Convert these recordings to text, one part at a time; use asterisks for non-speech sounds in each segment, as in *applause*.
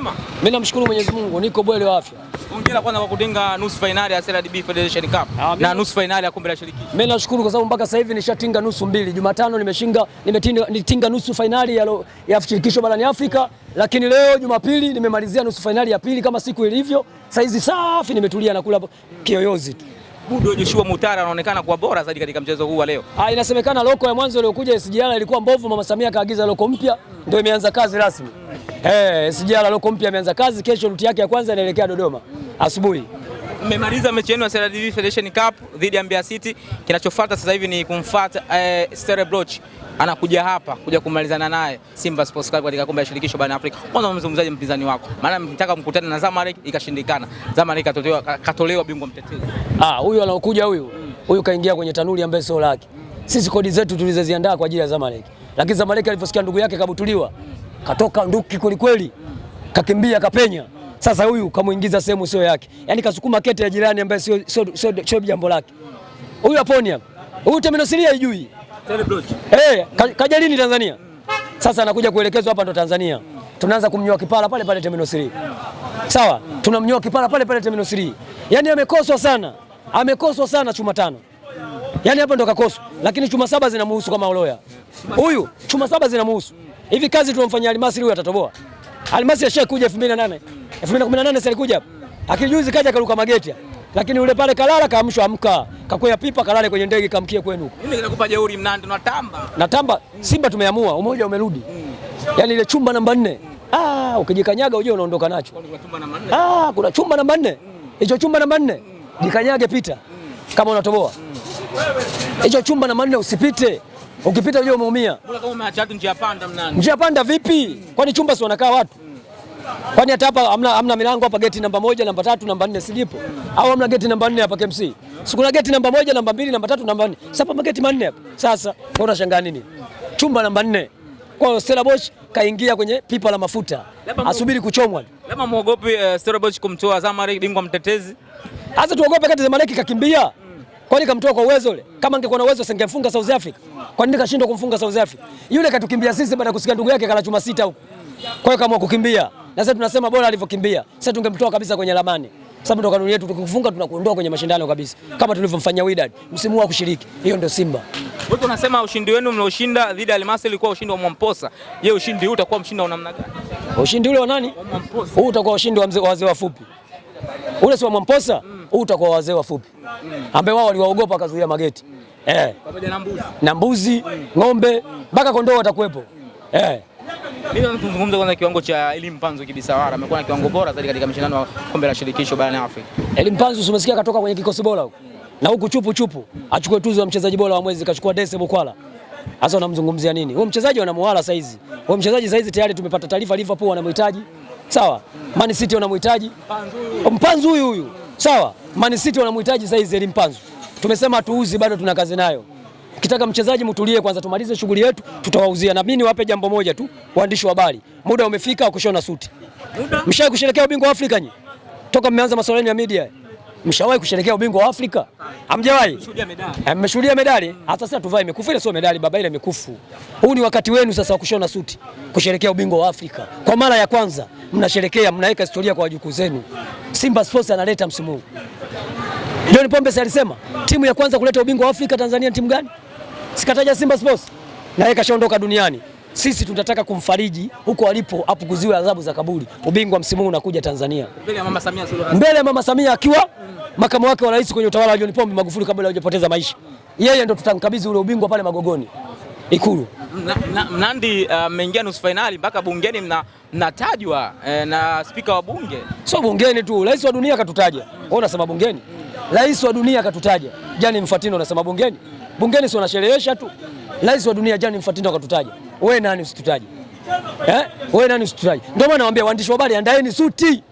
Mwema. Mimi namshukuru Mwenyezi Mungu niko bwele wa afya. Hongera kwanza kwa kutinga nusu finali ya CRDB Federation Cup na nusu finali ya kombe la shirikisho. Mimi nashukuru kwa sababu mpaka sasa hivi nishatinga nusu mbili. Jumatano nimeshinga nimetinga nusu fainali ya, ya shirikisho barani Afrika, lakini leo Jumapili nimemalizia nusu fainali ya pili kama siku ilivyo. Saizi safi nimetulia nakula kiyoyozi tu. Budo Joshua Mutara anaonekana kuwa bora zaidi katika mchezo huu wa leo. Ah, inasemekana loko ya mwanzo iliyokuja SJR ilikuwa mbovu, Mama Samia kaagiza loko mpya ndio imeanza kazi rasmi. Mm. Eh, SJR loko mpya imeanza kazi, kesho ruti yake ya kwanza inaelekea Dodoma asubuhi. Mmemaliza mechi yenu ya Federation Cup dhidi ya Mbeya City, kinachofuata sasa hivi ni kumfuata eh, Stellenbosch anakuja hapa kuja kumalizana naye Simba Sports Club katika kombe la shirikisho barani Afrika, kwanza mzungumzaji mpinzani wako, maana mtaka mkutane na Zamalek ikashindikana, Zamalek katolewa, katolewa bingwa mtetezi. Ah, huyu anaokuja huyu huyu kaingia kwenye tanuri ambaye sio lake. Sisi kodi zetu tulizoziandaa kwa ajili ya Zamalek, lakini Zamalek aliposikia ndugu yake kabutuliwa, katoka nduki kweli kweli, kakimbia kapenya sasa huyu kamuingiza sehemu sio yake, yaani kasukuma kete ya jirani ambaye sio sio jambo lake. Huyu aponia huyu terminosilia ijui hey, kaja lini Tanzania? Sasa anakuja kuelekezwa hapa ndo Tanzania. Tunaanza kumnyoa kipara pale pale Terminal 3. Sawa? Tunamnyoa kipara pale pale Terminal 3. Yaani amekoswa sana. Amekoswa sana chuma tano. Yaani hapa ndo kakoswa. Lakini chuma saba zinamhusu kama uloya. Huyu chuma saba zinamhusu. Hivi kazi tunamfanyia Almasi huyu atatoboa. Almasi ashakuja 2008. 2018 alikuja hapa. Akijuzi kaja karuka mageti lakini yule pale kalala kaamshwa, amka, kakwea pipa, kalale kwenye ndege, kamkie kwenu. Mimi nakupa jeuri, mnandi natamba tamba Simba tumeamua, umoja umerudi mm. Yaani ile chumba namba nne mm. ah, ukijikanyaga ujue unaondoka nacho. Ah, kuna chumba namba nne hicho mm. chumba namba nne mm. jikanyage, pita mm. kama unatoboa hicho mm. chumba namba nne usipite ukipita ujue umeumia. Njia panda vipi? Kwani chumba si wanakaa watu? Kwani hata hapa hamna hamna milango hapa, geti namba moja, namba tatu, namba nne silipo? au hamna geti namba nne hapa KMC? Sikuna geti namba moja, namba mbili, namba tatu, namba nne. Sasa hapa geti manne hapa. Sasa kwa unashangaa nini? Chumba namba nne. Kwa hiyo Stella Bosch kaingia kwenye pipa la mafuta. Asubiri kuchomwa. Lama muogopi uh, eh, Stella Bosch kumtoa Zamalek bingwa mtetezi. Sasa tuogope kati Zamalek kakimbia. Kwa nini kamtoa kwa uwezo ule? Kama angekuwa na uwezo singemfunga South Africa. Kwa nini kashindwa kumfunga South Africa? Yule katukimbia sisi baada ya kusikia ndugu yake kala chuma sita huko. Kwa hiyo kama kukimbia, na sasa tunasema bora alivyokimbia. Sasa tungemtoa kabisa kwenye ramani. Sababu ndo kanuni yetu, tukifunga tunakuondoa kwenye mashindano kabisa, kama tulivyomfanyia Wydad msimu wa kushiriki. Hiyo ndio Simba. Wewe unasema ushindi wenu mlioshinda dhidi ya Almasi ilikuwa ushindi wa Mwamposa. Je, ushindi huu utakuwa mshindi wa namna gani? Ushindi ule wa nani? Huu utakuwa ushindi wa wazee wafupi. Ule si wa Mwamposa, mm. huu utakuwa wazee wafupi mm. ambao wao waliwaogopa wakazuia mageti eh, pamoja na mbuzi na mbuzi, ng'ombe mpaka kondoo watakuwepo mm. eh. Mimi tuzungumze kwanza kiwango cha elimu panzo kibisawara, amekuwa na kiwango bora zaidi katika mashindano ya kombe la shirikisho barani Afrika. Elimu panzo umesikia katoka kwenye kikosi bora huko. Na huku chupu chupu achukue tuzo ya mchezaji bora wa mwezi kachukua Dese Bukwala. Sasa unamzungumzia nini? Huyo mchezaji wanamuhala saizi. Huyo mchezaji saizi tayari tumepata taarifa Liverpool wanamhitaji. Sawa? Man City wanamhitaji. Mpanzu huyu huyu. Sawa? Man City wanamhitaji saizi Elie Mpanzu. Tumesema tuuzi bado tuna kazi nayo. Ukitaka mchezaji mtulie kwanza, tumalize shughuli yetu, tutawauzia. Na mimi niwape jambo moja tu, waandishi wa habari, muda umefika wa kushona suti. Mshawahi kusherehekea ubingwa wa Afrika nyi? Toka mmeanza masuala ya media, mshawahi kusherehekea ubingwa wa Afrika? Hamjawahi? Mmeshuhudia medali? Eh, Hata sasa tuvae mikufu, ile sio medali baba, ile mikufu. Huu ni wakati wenu sasa wa kushona suti, kusherehekea ubingwa wa Afrika kwa mara ya kwanza. Mnasherehekea, mnaweka historia kwa wajukuu zenu. Simba Sports analeta msimu huu. John Pombe alisema timu ya kwanza kuleta ubingwa wa Afrika Tanzania timu gani? Sikataja Simba Sports na yeye kashaondoka duniani. Sisi tunataka kumfariji huko alipo, apukuziwe adhabu za kaburi. Ubingwa msimu huu unakuja Tanzania mbele ya mama Samia Suluhu, mbele ya mama Samia akiwa makamu wake wa rais kwenye utawala wa John Pombe Magufuli kabla hajapoteza maisha. Yeye ndo tutamkabidhi ule ubingwa pale Magogoni Ikulu. Mnandi uh, mmeingia uh, nusu finali mpaka bungeni mnatajwa mna eh, na spika wa bunge, sio bungeni tu, rais wa dunia katutaja. Wewe unasema bungeni? Rais wa dunia katutaja. Jani Mfatino unasema bungeni? bungeni, si wanasherehesha tu. Rais wa dunia jana Infantino akatutaja, wewe nani usitutaje? Eh, wewe nani usitutaje? Ndio maana nawaambia waandishi wa habari, andaeni suti,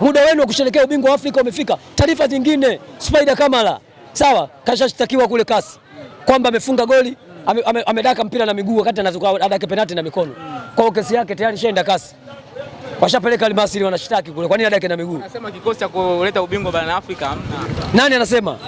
muda wenu wa kusherehekea ubingwa wa Afrika umefika. Taarifa zingine, Spider Kamala sawa, kashashtakiwa kule kasi kwamba amefunga goli amedaka ame, ame mpira na miguu wakati anazuka adake penalti na mikono. Kwa kesi yake tayari shaenda kasi. Washapeleka Almasiri wanashtaki kule. Kwa nini adake na miguu? Anasema kikosi cha kuleta ubingwa barani Afrika hamna. Nani anasema?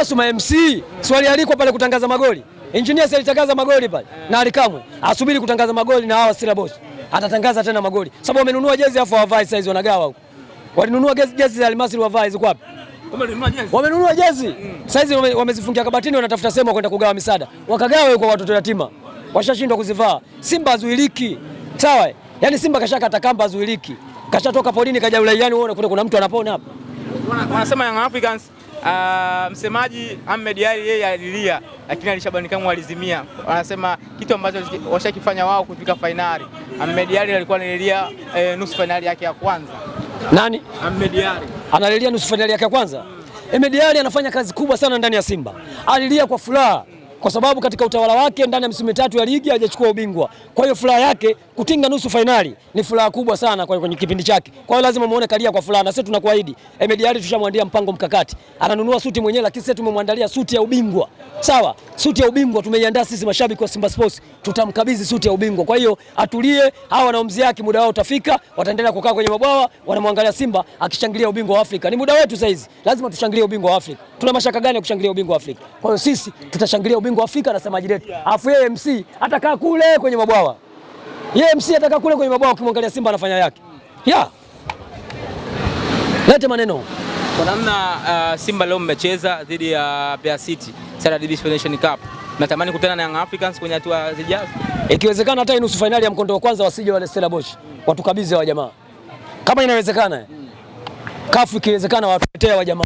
au si ma MC swali alikuwa pale kutangaza magoli. Engineer alitangaza magoli pale na alikamwe asubiri kutangaza magoli na hawa Sila Boss atatangaza tena magoli, sababu wamenunua jezi afu hawavai size wanagawa huko. Walinunua jezi za Almasri wavai ziko wapi? Wamenunua jezi mm. saizi, wamezifungia kabatini, wanatafuta sehemu kwenda kugawa misaada, Wakagawa huko watoto yatima, washashindwa kuzivaa. Simba zuiliki. sawa? Yaani Simba kashaka atakamba, zuiliki. kashatoka polini, kaja ulaiani, uone kuna mtu anapona hapa, wanasema Young Africans Uh, msemaji Ahmed Ally yeye alilia, lakini Ally Shabani Kamwe alizimia. Wanasema kitu ambacho washakifanya wao kufika fainali. Ahmed Ally alikuwa analilia e, nusu fainali yake ya kwanza. Nani? Ahmed Ally analilia nusu fainali yake ya kwanza. Mm. Ahmed Ally anafanya kazi kubwa sana ndani ya Simba, alilia kwa furaha kwa sababu katika utawala wake ndani ya misimu mitatu ya ligi hajachukua ubingwa. Kwa hiyo furaha yake kutinga nusu fainali ni furaha kubwa sana kwa kwenye kipindi chake. Kwa hiyo lazima muone kalia kwa furaha, na sisi tunakuahidi Ahmed Ally tushamwandia mpango mkakati, ananunua suti mwenyewe, lakini sisi tumemwandalia suti ya ubingwa. Sawa, suti ya ubingwa tumeiandaa sisi mashabiki wa Simba Sports, tutamkabidhi suti ya ubingwa. Kwa hiyo atulie, hawa na wanaomzi yake muda wao utafika, wataendelea kukaa kwenye mabwawa, wanamwangalia Simba akishangilia ubingwa wa Afrika. Ni muda wetu saizi, lazima tushangilie ubingwa wa Afrika tuna mashaka gani ya kushangilia ubingwa wa Afrika? Kwa hiyo sisi tutashangilia ubingwa wa Afrika na semaji letu. Alafu yeye MC atakaa kule kwenye mabwawa, yeye MC atakaa kule kwenye mabwawa, ukimwangalia Simba anafanya yake yeah. Lete maneno kwa namna uh, Simba leo mmecheza dhidi ya Bea City Saturday Dispensation Cup. Natamani kukutana na Young Africans kwenye hatua zijazo. Ikiwezekana hata nusu fainali ya mkondo wa kwanza wasije wale Stella Bosch. Mm. Watukabidhi wa jamaa. Kama inawezekana. Eh. Hmm. Kafu ikiwezekana watuletee wa jamaa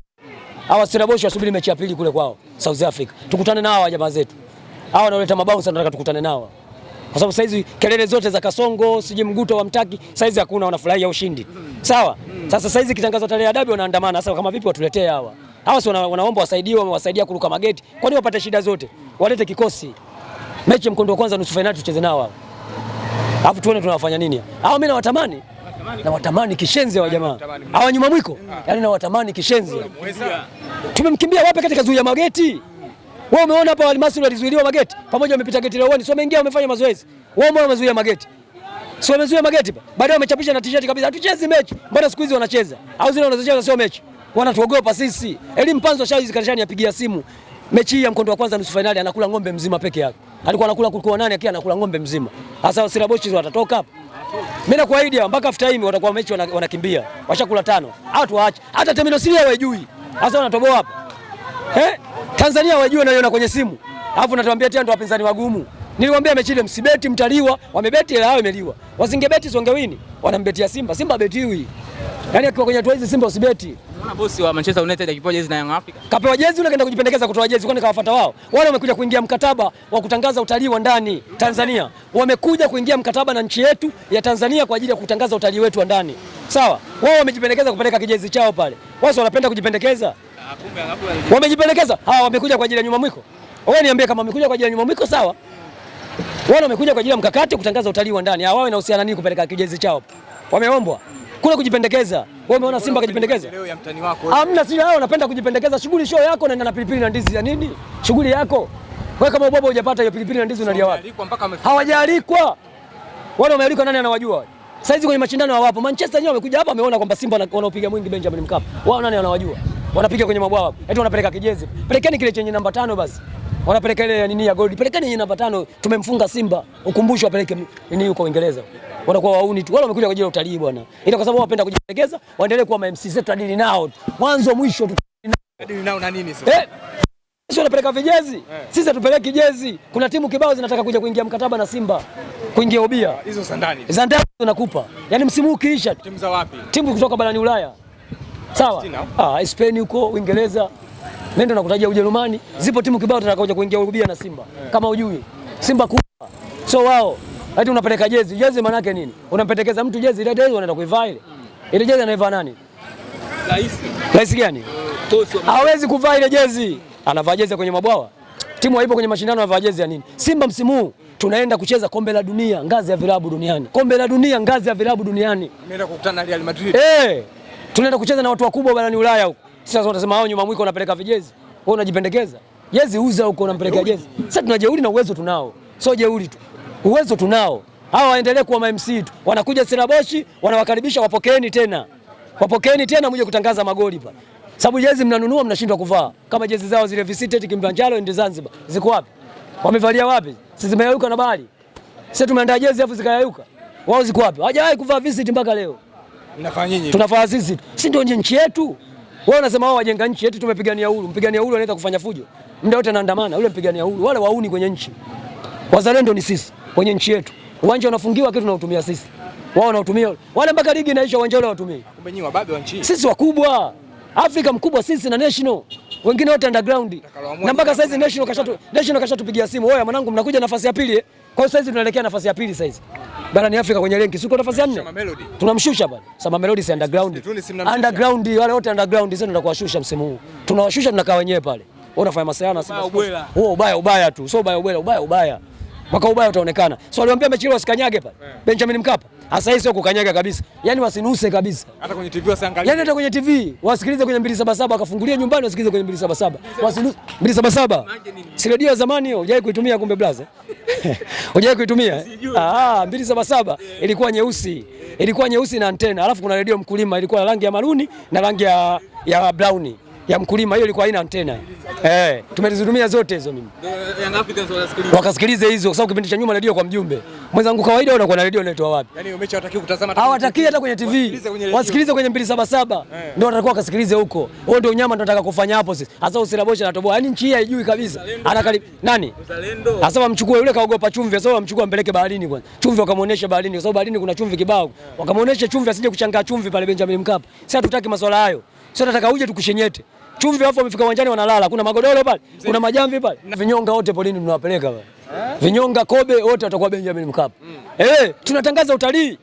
hawa Stellenbosch wasubiri mechi ya pili kule kwao South Africa, tukutane nao hawa jamaa zetu hawa wanaoleta mabao sana, nataka tukutane nao kwa sababu saizi kelele zote za Kasongo siji mguto wa mtaki saizi hakuna, wanafurahia ushindi sawa. Sasa saizi kitangazo tarehe ya dabi wanaandamana. Sasa kama vipi watuletee hawa hawa, si wanaomba wasaidiwe, wamewasaidia kuruka mageti, kwa nini wapate shida zote, walete kikosi mechi mkondo wa kwanza nusu fainali tucheze nao hawa, alafu tuone tunawafanya nini hawa. Mimi nawatamani na watamani kishenzi hawa jamaa hawa nyuma mwiko, ah. yaani na watamani kishenzi. Tumemkimbia wapi? Katika zuia mageti. Wewe umeona hapa Almasri walizuiliwa mageti pamoja, wamepita geti la uani, sio wameingia, wamefanya mazoezi. Wao mbona wamezuia mageti? Sio wamezuia mageti, ba, baadaye wamechapisha na t-shirt kabisa, hatuchezi mechi. Mbona siku hizi wanacheza au zile wanazocheza sio mechi? Wanatuogopa sisi. Elimu Panzo Shaizi Karishani apigia simu mechi hii ya mkondo wa kwanza nusu finali, anakula ng'ombe mzima peke yake. Alikuwa anakula kulikuwa nani akia anakula ng'ombe mzima. Sasa Siraboshi watatoka hapo. Mimi nakuahidi mpaka after time watakuwa mechi wanakimbia. Washakula tano. Hao tuwaache. Hata Terminal siri hawajui. Sasa wanatoboa hapa. Eh? Tanzania hawajui yona kwenye simu. Alafu natuambia tena ndo wapinzani wagumu. Niliwaambia mechi ile msibeti mtaliwa, wamebeti ile yao imeliwa. Wasingebeti songewini, wanambetia Simba, Simba betiwi. Yaani akiwa kwenye hatua hizi Simba usibeti. Unaona bosi wa Manchester United akipewa jezi na Young Africa? Kapewa jezi yule kaenda kujipendekeza kutoa jezi kwani kawafuata wao. Wale wamekuja kuingia mkataba wa kutangaza utalii wa ndani Tanzania. Wamekuja kuingia mkataba na nchi yetu ya Tanzania kwa ajili ya kutangaza utalii wetu wa ndani. Sawa? Wao wamejipendekeza kupeleka kijezi chao pale. Wao wanapenda kujipendekeza. Ah, wamejipendekeza? Ah, wamekuja kwa ajili ya nyuma mwiko. Wewe niambie kama wamekuja kwa ajili ya nyuma mwiko sawa? Wao wamekuja kwa ajili ya mkakati kutangaza utalii wa ndani. Hao ah, wao inahusiana nini kupeleka kijezi chao? Wameombwa kule kujipendekeza. Wewe umeona Simba wako. Hamna, si yao unapenda kujipendekeza. Shughuli sio yako, na na pilipili na ndizi ya nini? Shughuli yako. Wewe kama ubaba hujapata hiyo pilipili na ndizi unalia wapi? Hawajaalikwa. Wale wamealikwa nani anawajua? Sasa hizi kwenye mashindano hawapo. Manchester wenyewe wamekuja hapa wameona kwamba Simba wanaopiga mwingi Benjamin Mkapa. Wao nani anawajua? Wanapiga kwenye mabwawa. Eti wanapeleka kijezi. Pelekeni kile chenye namba tano basi wanapeleka ile nini ya gold, pelekeni hii namba tano, tumemfunga Simba, ukumbusho apeleke nini huko Uingereza. Wanakuwa wauni tu, wala wamekuja kwa ajili ya utalii bwana, ila kwa sababu wapenda kujielekeza, waendelee kuwa ma MC zetu, tadili nao mwanzo mwisho, tadili nao na nini sasa eh? Sisi tunapeleka vijezi eh. Sisi hatupeleki jezi. Kuna timu kibao zinataka kuja kuingia mkataba na Simba kuingia ubia ah, hizo za ndani za ndani tunakupa, yaani msimu ukiisha, timu za wapi? Timu kutoka barani Ulaya sawa, ah Spain huko Uingereza Nenda nakutajia Ujerumani, zipo timu kibao zitakazokuja kuingia urubia na Simba kama ujui. Simba kubwa. So wao hadi unapeleka jezi. Jezi maana yake nini? Unampendekeza mtu jezi ile jezi anaenda kuivaa ile. Ile jezi anaivaa nani? Rais. Rais gani? Uh, Hawezi kuvaa ile jezi. Anavaa jezi kwenye mabwawa. Timu haipo kwenye mashindano anavaa jezi ya nini? Simba msimu huu tunaenda kucheza kombe la dunia ngazi ya vilabu duniani. Kombe la dunia ngazi ya vilabu duniani. Tunaenda kukutana na Real Madrid. Eh. Tunaenda kucheza na watu wakubwa barani Ulaya huko. Sasa unasema hao nyuma mwiko wanapeleka vijezi, wewe unajipendekeza jezi, uza huko, unampeleka jezi. Sasa tunajeuri na uwezo tunao, sio jeuri tu, uwezo tunao. Hao waendelee kuwa ma MC tu, wanakuja Stellenbosch, wanawakaribisha, wapokeeni tena, wapokeeni tena, mje kutangaza magoli pa. sababu jezi mnanunua mnashindwa kuvaa. Kama jezi zao zile visited Kilimanjaro ndio Zanzibar ziko wapi? Wamevalia wapi? Sisi zimeyayuka na bali. Sasa tumeandaa jezi afu zikayayuka, wao ziko wapi? Hawajawahi kuvaa visit mpaka leo. Mnafanya nini? Tunafanya sisi, si ndio nchi yetu? Wewe unasema wao wajenga nchi eti tumepigania uhuru. Mpigania uhuru anaweza kufanya fujo. Muda wote anaandamana yule mpigania uhuru. Wale wauni kwenye nchi. Wazalendo ni sisi kwenye nchi yetu. Uwanja unafungiwa kitu tunautumia sisi. Wao wanaotumia. Wale mpaka ligi inaisha uwanja wao watumie. Kumbe nyinyi wababe wa nchi. Sisi wakubwa. Afrika mkubwa sisi na national. Wengine wote underground. Na mpaka saizi national kashatu national kashatupigia simu. Wewe mwanangu mnakuja nafasi ya pili. Eh? Kwa hiyo sahizi tunaelekea nafasi ya pili saizi barani Afrika kwenye renki, siko nafasi ya nne, tunamshusha bwana Sama Melody, si underground underground, wale wote underground ndio kuwashusha msimu huu, tunawashusha tunakaa wenyewe pale, wewe unafanya sasa, sio ubaya ubaya tu, sio ubaya ubaya ubaya ubaya mwaka ubaya utaonekana. So aliwaambia mechi ile wasikanyage pale Yeah. Benjamin Mkapa. Sasa hii sio kukanyaga kabisa, yaani wasinuse kabisa, hata kwenye TV wasiangalie, yaani hata kwenye TV wasikilize kwenye 277 akafungulia nyumbani, wasikilize kwenye 277 wasinuse 277. Si redio ya zamani hiyo, hujawahi kuitumia kumbe blaze, *laughs* hujawahi kuitumia? Ah, 277 ilikuwa nyeusi, ilikuwa nyeusi na antena, alafu kuna redio mkulima ilikuwa rangi ya maruni na rangi ya ya brown ya mkulima, hiyo ilikuwa haina antena eh, tumezihudumia zote hizo. Mimi wakasikilize hizo, kwa sababu kipindi cha nyuma redio kwa mjumbe mwenzangu, kawaida unakuwa na redio inaitwa wapi? Yani umeshawatakiwa kutazama, hawataki hata kwenye TV wasikilize kwenye 277 eh. ndio watakuwa wakasikilize huko. Huo ndio nyama ndio nataka kufanya hapo sisi hasa. Usirabosha toboa, yani nchi hii haijui kabisa, anakarib nani uzalendo, hasa wamchukue yule, kaogopa chumvi, sasa wamchukue ampeleke baharini kwanza, chumvi wakamuonesha baharini, kwa sababu baharini kuna chumvi kibao, eh. wakamuonesha chumvi, asije kuchanga chumvi pale Benjamin Mkapa. Sasa hatutaki masuala hayo, sasa nataka uje tukushenyete chumvi, alafu wamefika uwanjani wanalala. Kuna magodoro pale, kuna majamvi pale, vinyonga wote polini tunawapeleka pale eh? vinyonga Kobe wote watakuwa Benjamin Mkapa. Mm. Hey, eh, tunatangaza utalii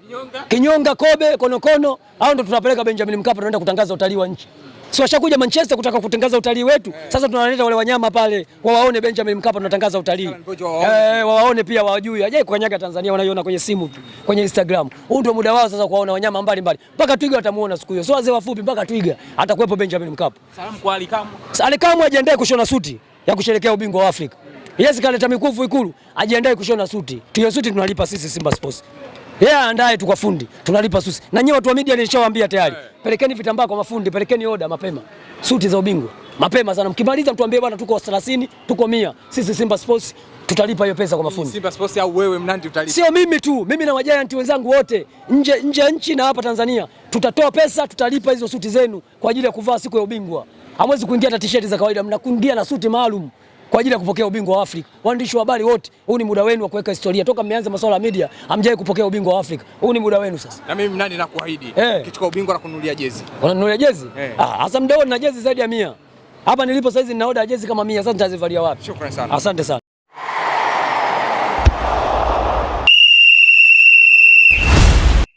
kinyonga Kobe konokono, au ndo tunapeleka Benjamin Mkapa, tunaenda kutangaza utalii wa nchi. Si washakuja Manchester kutaka kutangaza utalii wetu hey. Eh. Sasa tunawaleta wale wanyama pale wawaone Benjamin Mkapa tunatangaza utalii hey, eh, wawaone pia wajui, aje kukanyaga Tanzania wanaiona kwenye simu tu kwenye Instagram. Huu ndio muda wao sasa kuwaona wanyama mbalimbali mpaka twiga watamuona siku hiyo, sio wazee wafupi mpaka twiga atakuwepo Benjamin Mkapa. Salamu kwa Alikamu. Alikamu ajiandae kushona suti ya kusherekea ubingwa wa Afrika. Yes, kaleta mikufu Ikulu, ajiandae kushona suti. Tuyo suti tunalipa sisi Simba Sports yeye yeah, tu kwa fundi, tunalipa susi. Na nyinyi watu wa media nilishawaambia tayari, pelekeni vitambaa kwa mafundi, pelekeni oda mapema, suti za ubingwa mapema sana. Mkimaliza mtuambie bwana, tuko 30 tuko mia, sisi Simba Sports tutalipa hiyo pesa kwa mafundi. Simba Sports au wewe Mnandi utalipa? Sio mimi tu, mimi na wajayanti wenzangu wote nje nje ya nchi na hapa Tanzania, tutatoa pesa, tutalipa hizo suti zenu kwa ajili ya kuvaa siku ya ubingwa. Hamwezi kuingia na t-shirt za kawaida, mnakuingia na suti maalum kwa ajili ya kupokea ubingwa wa Afrika. Waandishi wa habari wote, huu ni muda wenu wa kuweka historia. Toka mmeanza masuala ya media, hamjawahi kupokea ubingwa wa Afrika. Huu ni muda wenu sasa. Na mimi nani nakuahidi, hey. Eh. Kichukua ubingwa na kununulia jezi. Unanunulia jezi? Hey. Eh. Ah, hasa mdao na jezi zaidi ya mia. Hapa nilipo sasa hizi ninaoda jezi kama mia. Sasa nitazivalia wapi? Shukrani sana. Asante sana.